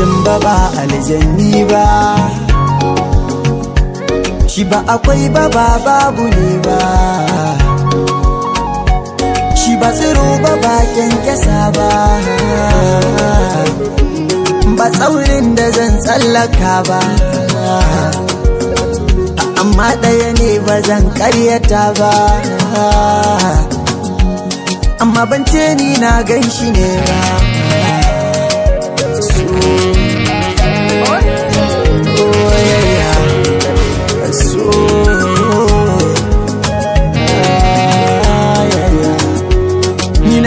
mutum ba ba aljanni ba shi ba akwai ba ba babu ne ba shi ba tsiro ba ba kyankyasa ba ba tsaurin da zan tsallaka ba amma ɗaya ne ba zan ƙaryata ba amma ban ce ni na gan shi ne ba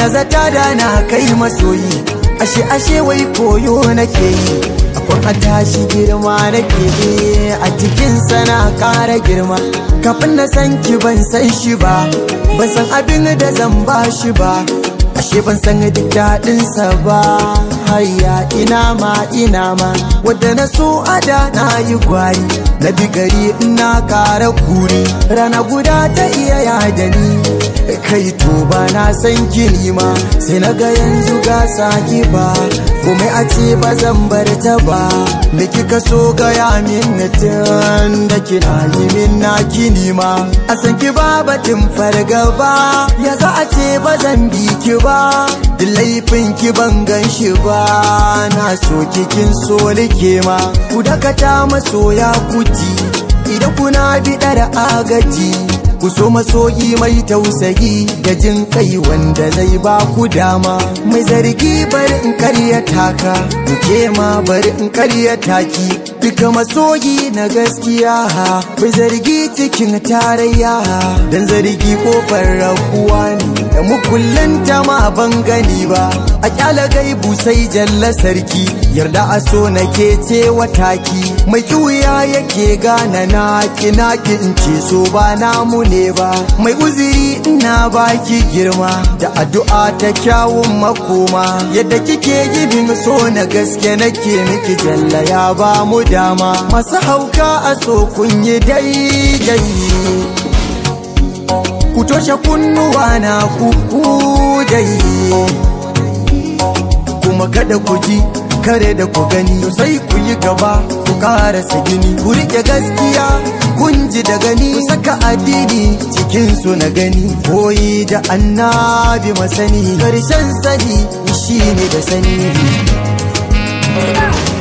na zata da na kai masoyi ashe ashe wai koyo nake yi akwai a tashi girma nake yi a cikin sana kara girma kafin na san ki ban san shi ba ban san abin da zan ba shi ba ashe ban san duk daɗinsa ba hayya ina ma ina ma wadda na so ada na yi gwari na bi gari ina kara kuri rana guda ta iya yadani kai to ba na san gini ma sai na ga yanzu ga saki ba kuma a ce ba zan bar ta ba kika so ga ya min tun da kina yi min na gini ma a san ki ba farga fargaba ya za a ce ba zan bi ki ba da laifin ki ban gan shi ba na so kikin so nake ma ku dakata masoya kuti idan kuna bidar agaji ku so masoyi mai tausayi da jin kai wanda zai ba ku dama mai zargi bari in karya taka ke ma bari in karya taki duka masoyi na gaskiya bai zargi cikin tarayya dan zargi kofar rakuwa ne da ta ma ban gani ba a kyala gaibu sai jalla sarki yarda a so ke ce wataki mai kiwuya yake gane na kina in ce so ba namu ne ba mai uziri ina baki girma da addu'a ta kyawun makoma yadda kike yi bin so na gaske nake miki jalla ya ba mu dama masu hauka a so kun yi daidai ku toshe kunnuwa na kuku dai kuma kada ku ji kare da ku gani sai ku yi gaba ku karasa gini ku rike gaskiya kun ji da gani ku saka addini cikin su na gani koyi da annabi masani karshen sani shi ne da sani